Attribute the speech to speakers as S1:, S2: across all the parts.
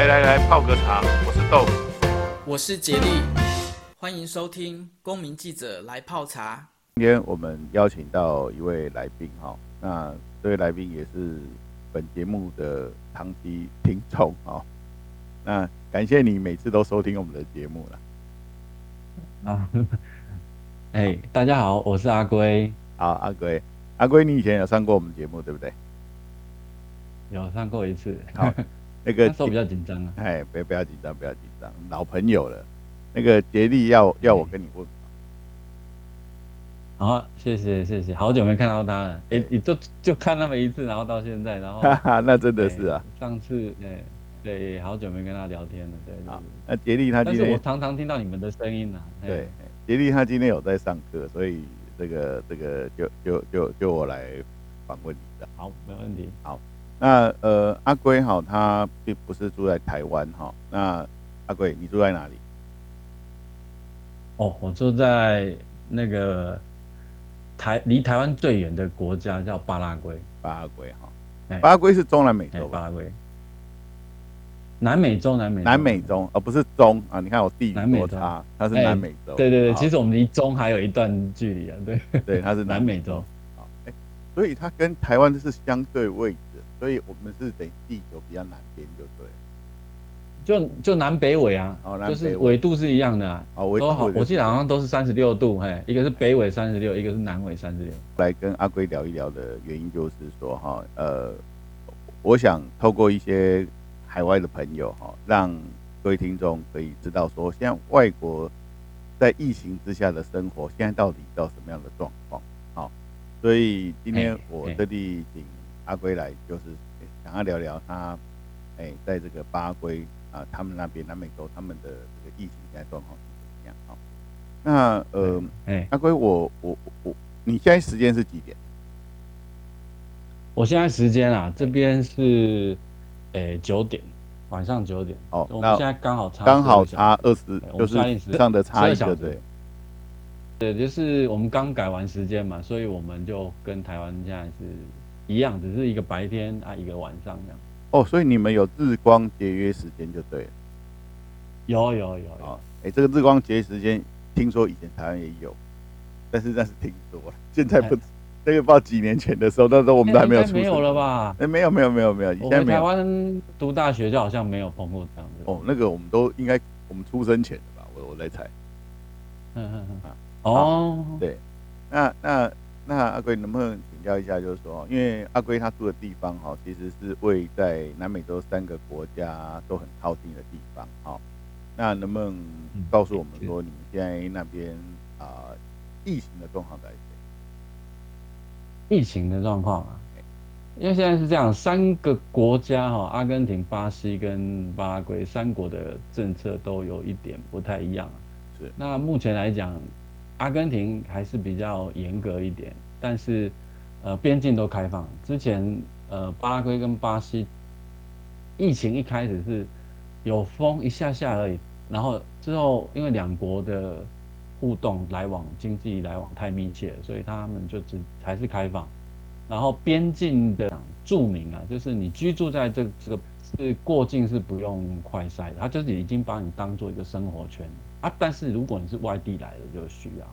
S1: 來來來，泡個茶。我是豆腐，我是傑利，歡迎收聽《公民記者來泡茶》。今天我們邀請到一位來賓哈，那這位來賓也是本節目的長期聽眾哈。那感謝你每次都收聽我們的節目了。啊，哎，大家好，我是阿圭。好，阿圭，阿圭，你以前有上過我們節目對不對？有上過一次。好。那個那比較緊張啊！哎，別不要緊張，不要緊張，老朋友了。那個杰利要要我跟你問。好、
S2: 啊，謝謝謝謝，好久沒看到他了。哎、欸，你就就看那麼一次，然後到現在，然後哈哈，
S1: 那真的是啊。
S2: 欸、上次，哎，對，好久沒跟他聊天了，對，對，對。啊，
S1: 那杰利他今天。但是我常
S2: 常聽到你們的聲
S1: 音啊。對，杰利他今天有在上課，所以這個這個就就就就我來訪問你一下。好，沒問題。好。那呃，阿圭好，他並不是住在台灣哈、哦。那阿圭，你住在哪裡？哦，我住在那個台離台灣最遠的國家叫巴拉圭。巴拉圭哈、欸，巴拉圭是中南美洲吧、欸，巴拉圭，
S2: 南美
S1: 洲，南美，南美洲，而、呃、不是中啊。你看我地域多差，它是南美洲。欸、對對對、啊，其實
S2: 我們離中還有一段距離啊。對對，它是南美洲。美
S1: 洲欸、所以它跟台灣是相對位。所以我們是等於地球比較南邊就對就，
S2: 就就南北緯啊、哦北，就是緯度是一樣的啊，哦、度。好，我記得好像都是三十六度，嘿，一個是北緯三十六，一個是南緯三十
S1: 六。來跟阿圭聊一聊的原因就是說哈、哦，呃，我想透過一些海外的朋友哈、哦，讓各位聽眾可以知道說，現在外國在疫情之下的生活現在到底到什麼樣的狀況？好、哦，所以今天我這裡已經。阿圭來就是想要聊聊他，欸、在這個巴圭啊，他們那邊南美洲他們的這個疫情現在狀況怎麼樣？那呃，哎、欸，阿圭，我我我，你現在時間是幾點？我現在時間啊，
S2: 這邊是哎九、欸、點，晚上九點。哦，那我現在剛好差剛好差二十，20，就是上的差一個對。對，就是我們剛改完時間嘛，所以我們就跟台灣現在是。一樣，只是一個白天啊，一個晚上
S1: 這樣。哦，所以你們有日光節約時間就對了。有有有哎、哦欸，這個日光節約時間，聽說以前台灣也有，但是但是聽說，現在不，哎、那個不知道幾年前的時候，那時候我們都還沒有出、哎、沒有了吧？哎，沒有沒有沒有沒有，以前台灣讀
S2: 大學就好像沒有碰過
S1: 這樣子。哦，那個我們都應該我們出生前的吧？我我來猜。
S2: 嗯嗯嗯。哦。
S1: 對，那那。那阿圭能不能請教一下，就是說，因為阿圭他住的地方哈，其實是位在南美洲三個國家都很靠近的地方，那能不能告訴我們說，你們現在那邊啊、嗯呃，疫情的狀況在？
S2: 疫情的狀況啊，因為現在是這樣，三個國家哈，阿根廷、巴西跟巴拉圭三國的政策都有一點不太一樣，是，那目前來講。阿根廷還是比較嚴格一點，但是，呃，邊境都開放。之前，呃，巴拉圭跟巴西，疫情一開始是，有封一下下而已，然後之後因為兩國的互動、來往、經濟來往太密切，所以他們就只還是開放。然後邊境的住民啊，就是你居住在這這個。是過境是不用快篩的，他就是已經把你當做一個生活圈啊。但是如果你是外地來的就需要。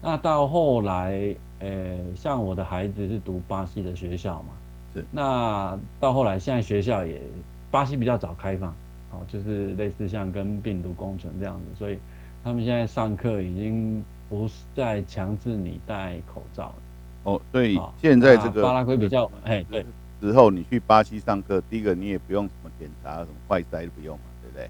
S2: 那到後來，呃、欸，像我的孩子是讀巴西的學校嘛，是。那到後來，現在學校也巴西比較早開放，哦，就是類似像跟病毒共存這樣子，所以他們現在上課已經不再強制你戴口罩了。
S1: 哦，對，哦、現在這個、啊、巴拉圭比較，哎、嗯，對。之後你去巴西上課，第一個你也不用什麼檢查什麼快篩都不用嘛，對不對？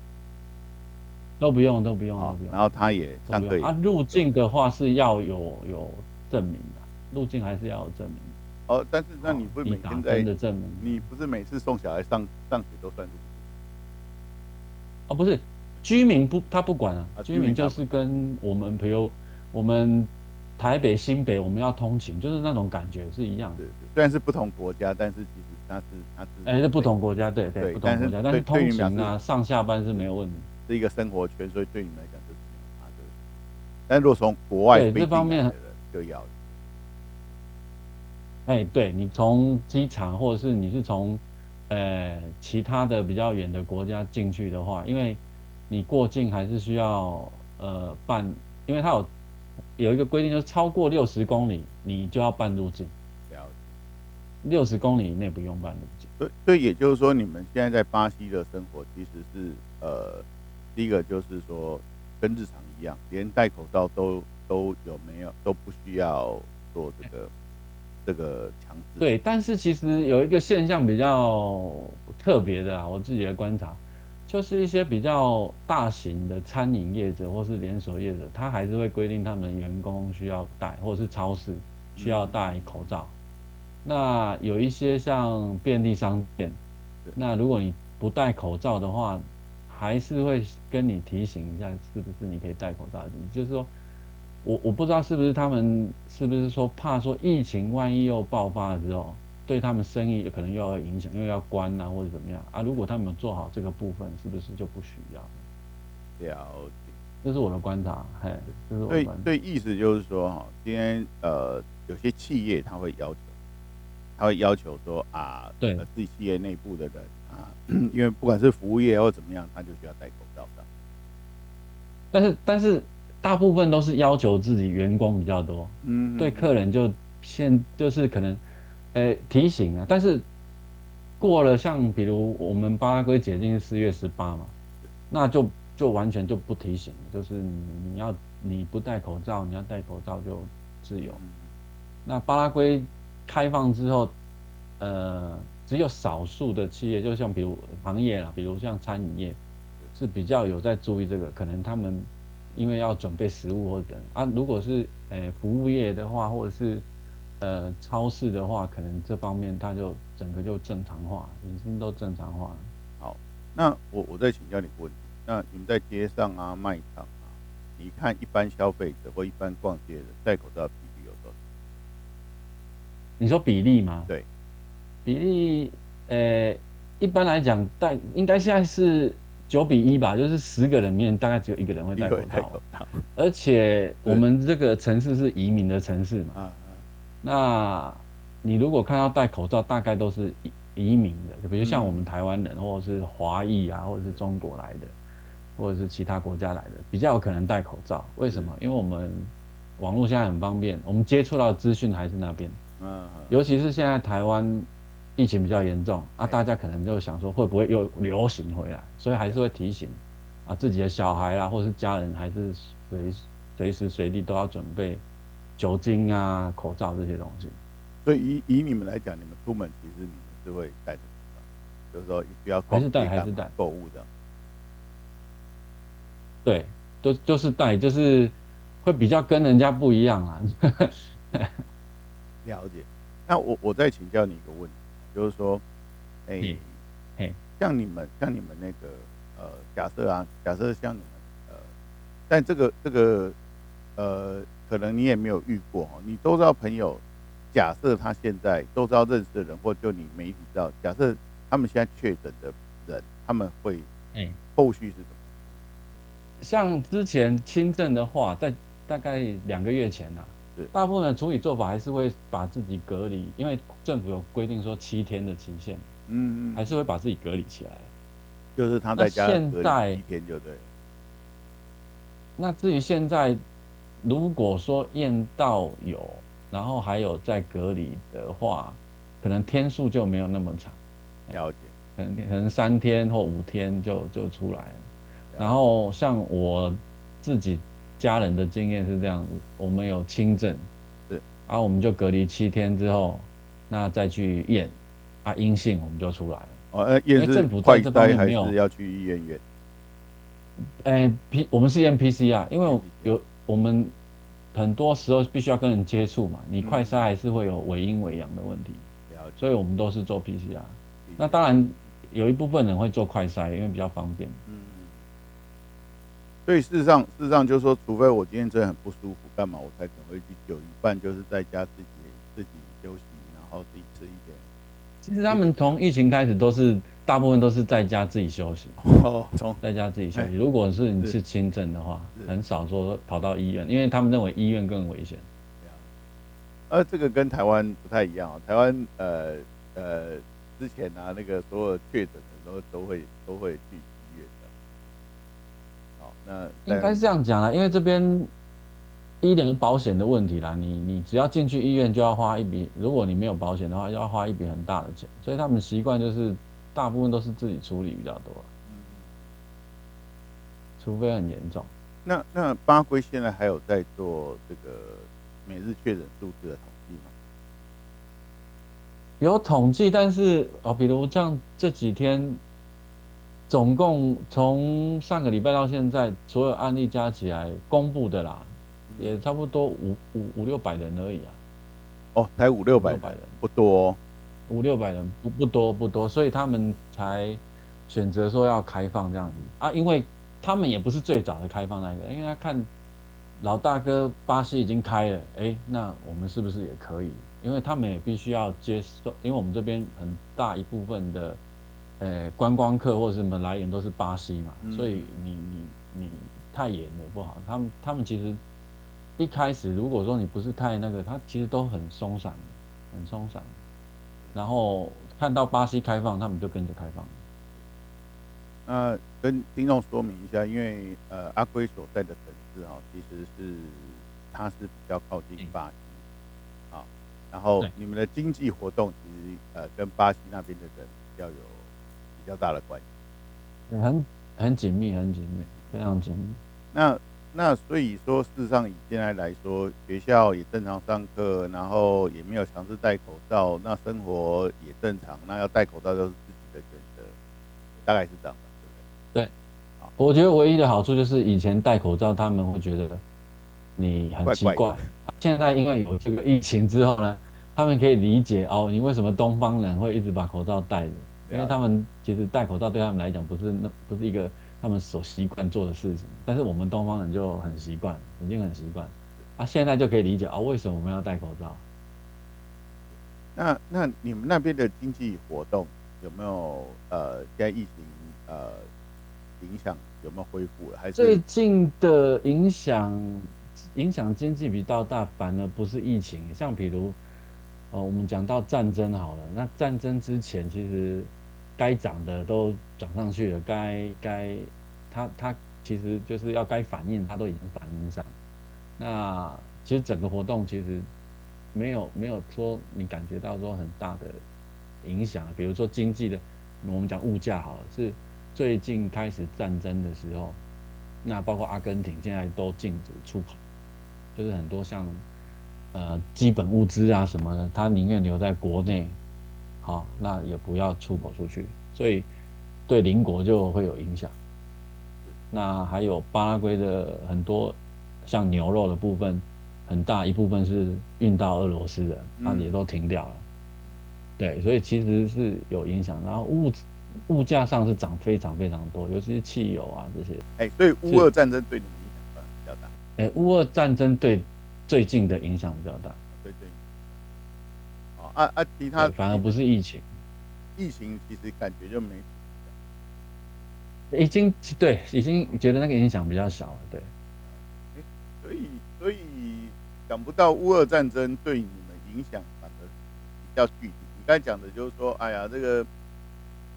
S2: 都不用，都不用
S1: 啊。然後他也上課，他、啊、
S2: 入境的話是要有有證明的，入境還是要有
S1: 證明的。哦，但是那你不每天、嗯、的證明、欸，你不是每次送小孩上上學都算入境嗎？啊、
S2: 哦，不是，居民不他不管啊，啊，居民就是跟我們朋友我們。台北新北，我們要通勤，就是那種感覺
S1: 是一樣的。對對對，雖然是不同國家，但是其實它是它是哎、欸，是不同國家，對對，對，對，不同國家，但是，但是通勤啊，上下班是沒有問題。是一個生活圈，所以對你們來講就是沒有差，對，但是如果從國外對這方面就要
S2: 哎、欸，對，你從機場或者是你是從呃其他的比較遠的國家進去的話，因為你過境還是需要呃辦，因為它有。有一個規定，就是超過六十公里，你就要辦入境。了解，六十公里以內不用辦入境。
S1: 對，對，也就是說，你們現在在巴西的生活其實是呃，第一個就是說跟日常一樣，連戴口罩都都有沒有都不需要做這個這個強
S2: 制。對，但是其實有一個現象比較特別的，啊，我自己來觀察。就是一些比較大型的餐飲業者或是連鎖業者，他還是會規定他們員工需要戴，或是超市需要戴口罩。嗯，那有一些像便利商店，嗯，那如果你不戴口罩的話，還是會跟你提醒一下，是不是你可以戴口罩？就是說我我不知道是不是他們是不是說怕說疫情萬一又爆發了之後。對他們生意也可能又要影響，又要關啊，或者怎麼樣啊？如果他們做好這個部分，是不是就不需要了解，這是我的觀察。
S1: 對，對，意思就是說，哈，今天呃，有些企業他會要求，他會要求說啊，對，自己企業內部的人啊，因為不管是服務業或怎麼樣，他就需要戴口罩上。但是，但是
S2: 大部分都是要求自己員工比較多，嗯，對，客人就現就是可能。呃，提醒啊，但是過了像比如我們巴拉圭解禁是四月十八嘛，那就就完全就不提醒，就是你要你不戴口罩，你要戴口罩就自由。那巴拉圭開放之後，呃，只有少數的企業，就像比如行業啦，比如像餐飲業是比較有在注意這個，可能他們因為要準備食物或者等啊，如果是呃服務業的話，或者是。呃，超市的話，可能這方面它就整個就正常化，已經都正常化了。
S1: 好，那我我再請教你一個問題，那你們在街上啊、賣場啊，你看一般消費者或一般逛街的戴口罩比例有多少？你說比例嗎？對，
S2: 比例，呃、欸，一般來講戴應該現在是九比一吧，就是十個人面大概只有一個人會戴口,戴口罩。而且我們這個城市是移民的城市嘛。那你如果看到戴口罩，大概都是移移民的，就比如像我們台灣人，或者是華裔啊，或者是中國來的，或者是其他國家來的，比較有可能戴口罩。為什麼？因為我們網絡現在很方便，我們接觸到資訊還是那邊。嗯。尤其是現在台灣疫情比較嚴重啊，大家可能就想說會不會又流行回來，所以還是會提醒啊自己的小孩啦，或者是家人，還是隨隨時隨地都要準備酒精啊，口罩這些東西，
S1: 所以以以你們來講，你們出門其實你們是會帶著什麼？就是說你不要、啊、還是戴還是戴購物的，
S2: 對，都都、就是帶就是會比較跟人家不一樣啊。
S1: 了解，那我我再請教你一個問題，就是說，哎、欸、像你們像你們那個呃，假設啊，假設像你們呃，但這個這個呃。可能你也沒有遇過，你都知道朋友，假設他現在都知道認識的人，或者就你媒體知道，假設他們現在確診的人，他們會，哎，後續是怎麼？
S2: 像之前輕症的話，在大概兩個月前吶、啊，對，大部分的處理做法還是會把自己隔離，因為政府有規定說七天的期限，嗯嗯，還是會把自己隔離起來，就是他在家隔離一
S1: 天就對了
S2: 那。那至於現在？如果說驗到有，然後還有在隔離的話，可能天數就沒有那麼長。了解，可能可能三天或五天就就出來了。然後像我自己家人的經驗是這樣子，我們有輕症，對，然後我們就隔離七天之後，那再去驗，啊，陰性我們就出來了。哦、
S1: 啊，呃，政府在這邊還是要去醫院驗。
S2: 哎，欸，P，我們是驗 PC 啊，因為有。我們很多時候必須要跟人接觸嘛，你快篩還是會有偽陰偽陽的問題，嗯、所以，我們都是做 PCR 是。那當然有一部分人會做
S1: 快篩，因為比較方便。嗯。所以事實上，事實上就是說，除非我今天真的很不舒服，幹嘛我才可能會去就醫，一半就是在家自己自己休息，然後自己吃一點。
S2: 其實他們從疫情開始都是。大部分都是在家自己休息哦，在家自己休息。欸、如果是你是輕症的話，很少說跑到醫院，因為他們認為醫院更危險。
S1: 而、啊、這個跟台灣不太一樣、哦、台灣呃呃，之前拿、啊、那個所有確診的時候，都會都會去醫院的。好、哦，那應該是
S2: 這樣講了，因為這邊醫療保險的問題啦，你你只要進去醫院就要花一筆，如果你沒有保險的話，要花一筆很大的錢，所以他們習慣就是。大部分都是自己處理比較多、啊，除非很嚴重。
S1: 那那巴圭現在還有在做這個每日確診數字的統計
S2: 嗎？有統計，但是啊、哦，比如像這幾天，總共從上個禮拜到現在，所有案例加起來公布的啦，也差不多五五五六百人而已啊。
S1: 哦，才五六百
S2: 人，百人不多、哦。五六百人，不不多不多，所以他們才選擇說要開放這樣子啊，因為他們也不是最早的開放那個，因為他看老大哥巴西已經開了，哎、欸，那我們是不是也可以？因為他們也必須要接受，因為我們這邊很大一部分的，呃，觀光客或者什麼來源都是巴西嘛，嗯、所以你你你太嚴也不好。他們他們其實一開始如果說你不是太那個，他其實都很鬆散，很鬆散。然後看到巴西開放，他們就跟着開放。
S1: 那、呃、跟聽眾說明一下，因為呃，阿圭所在的城市哦，其實是它是比較靠近巴西啊、嗯哦。然後你們的經濟活動其實呃跟巴西那邊的人比較有比較大的關係。
S2: 對，很很緊密，很緊密，非常緊密。嗯、
S1: 那那所以說，事實上以現在來說，學校也正常上課，然後也沒有強制戴口罩，那生活也正常，那要戴口罩就是自己的選擇，大概是這樣的。對吧？
S2: 對，好，我覺得唯一的好處就是以前戴口罩，他們會覺得你很奇怪。怪怪的。現在因為有這個疫情之後呢，他們可以理解哦，你為什麼東方人會一直把口罩戴着？對啊。因為他們其實戴口罩對他們來講不是那不是一個。他們所習慣做的事情，但是我們東方人就很習慣，已經很習慣，啊，現在就可以理解啊、哦，為什麼我們要戴口罩？
S1: 那那你們那邊的經濟活動有沒有呃，現在疫情呃影響有沒有恢復了？還是最
S2: 近的影響影響經濟比較大，反而不是疫情，像比如呃，我們講到戰爭好了，那戰爭之前其實。該漲的都漲上去了，該該它它其實就是要該反應，它都已經反應上。那其實整個活動其實沒有沒有說你感覺到說很大的影響，比如說經濟的，我們講物價好了，是最近開始戰爭的時候，那包括阿根廷現在都禁止出口，就是很多像呃基本物資啊什麼的，它寧願留在國內。好、哦，那也不要出口出去，所以對鄰國就會有影響。那還有巴拉圭的很多像牛肉的部分，很大一部分是運到俄羅斯的，那也都停掉了。嗯、對，所以其實是有影響。然後物物價上是漲非常非常多，尤其是汽油啊這些。哎、欸，所以烏俄
S1: 戰爭對你的影
S2: 響比較大。哎、欸，烏俄戰爭對最近的影響比較大。
S1: 啊啊！其他反
S2: 而不是疫情，
S1: 疫情其實感覺就沒。
S2: 已經，對，已經覺得那個影響比較小了，對。嗯欸、
S1: 所以所以想不到烏俄戰爭對你們影響反而比較具體。你剛才講的就是說，哎呀，這個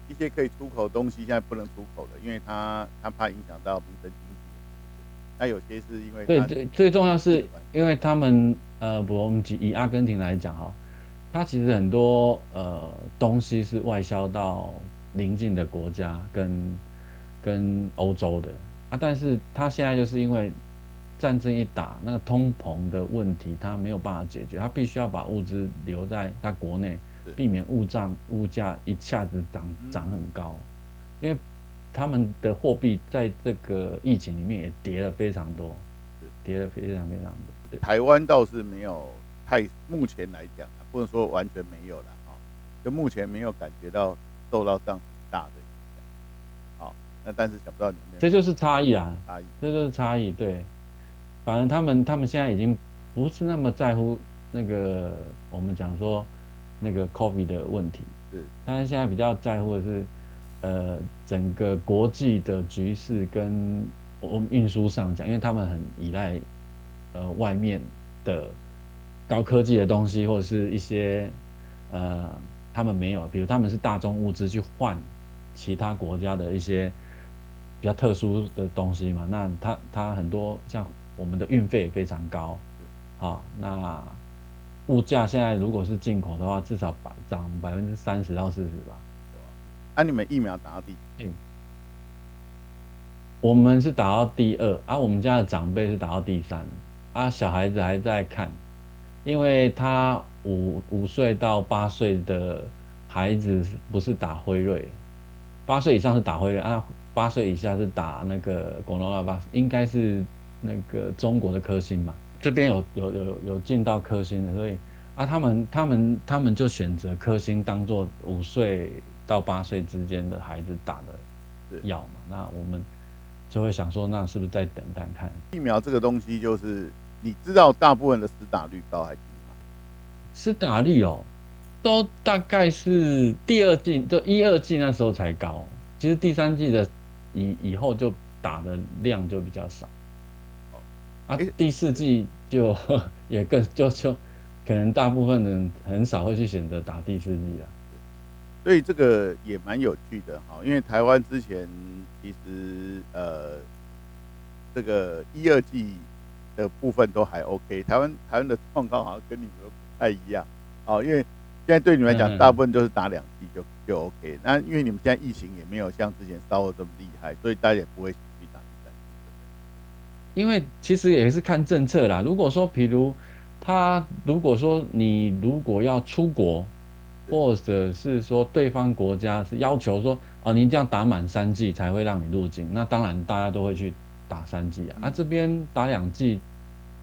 S1: 一些可以出口的東西現在不能出口了，因為他他怕影響到民生經濟。那有些是因為，對最最重要
S2: 是因為他們呃不，我們以阿根廷來講哈。它其實很多呃東西是外銷到鄰近的國家跟跟歐洲的啊，但是它現在就是因為戰爭一打，那個通膨的問題它沒有辦法解決，它必須要把物資留在它國內，避免物漲，物價一下子漲漲很高、嗯，因為他們的貨幣在這個疫情裡面也跌了非常多，
S1: 跌了非常非常多，對。台灣倒是沒有太目前來講。不能說完全沒有了啊、哦，就目前沒有感覺到受到這樣很大的影響，啊、哦，那但是想不到裡面這就是
S2: 差異啊，差異，這就是差異、啊啊，對，反正他們他們現在已經不是那麼在乎那個我們講說那個 COVID 的問題，是，但是現在比較在乎的是呃整個國際的局勢跟我們運輸上講，因為他們很依賴呃外面的。高科技的東西或者是一些呃，他們沒有，比如他們是大宗物資去換其他國家的一些比較特殊的東西嘛？那他他很多像我們的運費也非常高啊、哦，那物價現在如果是進口的話，至少漲百分之三十到四十吧，吧。啊，你們疫苗打到第、嗯、我們是打到第二，啊，我們家的長輩是打到第三，啊，小孩子還在看。因為他五五歲到八歲的孩子不是打輝瑞，八歲以上是打輝瑞啊，八歲以下是打那個國藥啊吧？應該是那個中國的科興嘛？這邊有有有有進到科興的，所以啊，他們他們他們就選擇科興當做五歲到八歲之間的孩子打的藥嘛？那我們就會想說，那是不是在等待看
S1: 疫苗這個東西？就是。你知道大部分的施打率高還是低嗎？
S2: 施打率哦，都大概是第二季，就一二季那時候才高。其實第三季的以以後就打的量就比較少。哦、欸、啊，第四季就也更就就可能大部分人很少會去選擇打第四季了。
S1: 所以這個也蠻有趣的哈，因為台灣之前其實呃這個一二季。的部分都還 OK，台灣台灣的狀況好像跟你們不太一樣。哦，因為現在對你們來講，大部分都是打兩劑就就 OK。那因為你們現在疫情也沒有像之前燒的這麼厲害，所以大家也不會去打三劑。
S2: 因為其實也是看政策啦。如果說，譬如他如果說，你如果要出國，或者是說對方國家是要求說，啊、哦，你這樣打滿三劑才會讓你入境，那當然大家都會去。打三劑啊，那、啊、這邊打兩劑，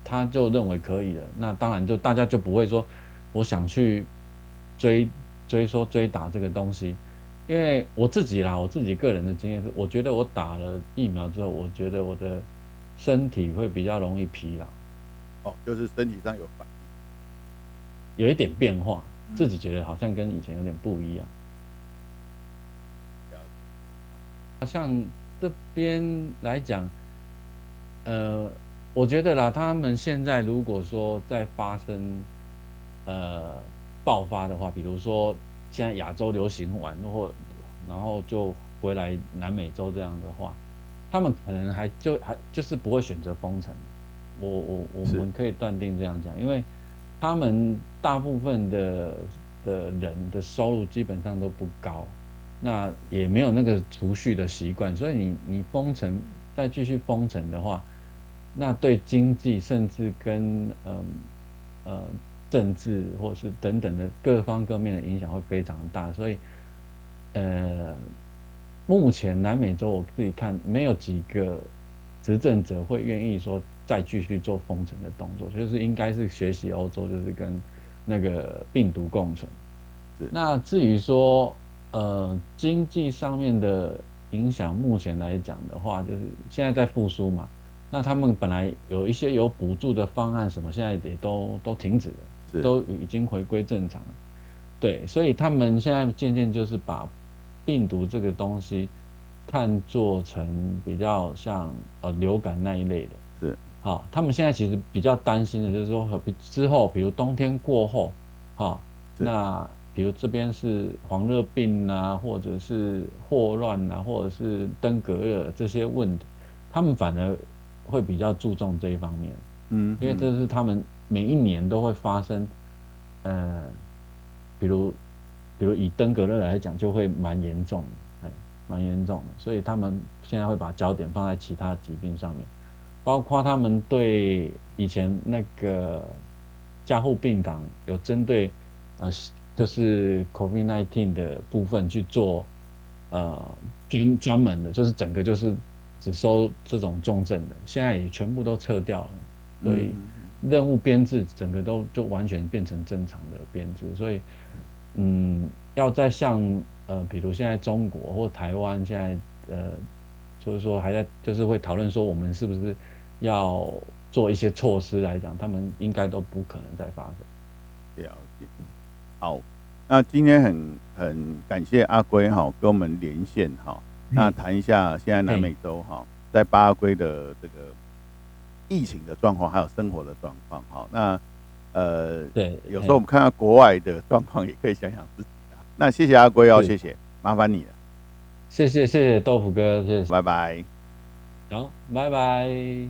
S2: 他就認為可以了。那當然就大家就不會說，我想去追追說追打這個東西。因為我自己啦，我自己個人的經驗是，我覺得我打了疫苗之後，我覺得我的身體會比較容易疲勞，
S1: 哦，就是身體上有反
S2: 應有一點變化、嗯，自己覺得好像跟以前有點不一樣。
S1: 好
S2: 像這邊來講。呃，我覺得啦，他們現在如果說在發生呃爆發的話，比如說現在亞洲流行完，然後然後就回來南美洲這樣的話，他們可能還就還就是不會選擇封城。我我我們可以斷定這樣講，因為他們大部分的的人的收入基本上都不高，那也沒有那個儲蓄的習慣，所以你你封城再繼續封城的話。那對經濟，甚至跟嗯呃，呃政治，或者是等等的各方各面的影響會非常大，所以呃目前南美洲我自己看沒有幾個執政者會願意說再繼續做封城的動作，就是應該是學習歐洲，就是跟那個病毒共存。那至於說呃經濟上面的影響，目前來講的話，就是現在在復甦嘛。那他們本來有一些有補助的方案什麼，現在也都都停止了，都已經回歸正常了。對，所以他們現在漸漸就是把病毒這個東西看做成比較像呃流感那一類的。對，好、哦，他們現在其實比較擔心的就是說之後，比如冬天過後，好、哦，那比如這邊是黃熱病啊，或者是霍亂啊，或者是登革熱這些問題，他們反而。會比較注重這一方面，嗯，嗯，因為這是他們每一年都會發生，呃，比如，比如以登革熱來講，就會蠻嚴重的，哎，蠻嚴重的，所以他們現在會把焦點放在其他疾病上面，包括他們對以前那個加護病房有針對，呃，就是 COVID-19 的部分去做，呃，專專門的，就是整個就是。只收這種重症的，現在也全部都撤掉了，所以任務編制整個都就完全變成正常的編制，所以嗯，要再像呃，比如現在中國或台灣現在呃，就是說還在就是會討論說我們是不是要做一些措施來講，他們應該都不可能再發生。
S1: 了解。好，那今天很很感謝阿圭哈跟我們連線哈。那談一下現在南美洲哈，在巴阿圭的這個疫情的狀況，還有生活的狀況，哈，那呃，對，有時候我們看看國外的狀況，也可以想想自己啊。那謝謝阿圭哦，謝謝，麻煩你了。謝謝謝謝豆
S2: 腐哥，謝謝。拜拜。好，拜拜。